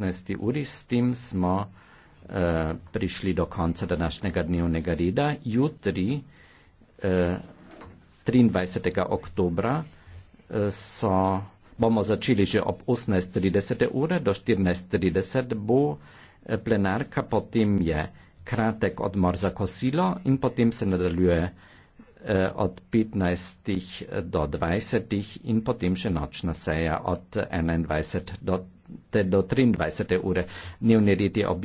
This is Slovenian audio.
16. uri, s tem smo uh, prišli do konca današnjega dnevnega reda. Jutri, uh, 23. oktober, uh, bomo začeli že ob 18.30 ure, do 14.30 bo eh, plenarka, potem je kratek odmor za kosilo in potem se nadaljuje. Eh, od 15 do 20 in potem še nočna seja od 21 do, do 23 ure. Dnevni red je objavljen.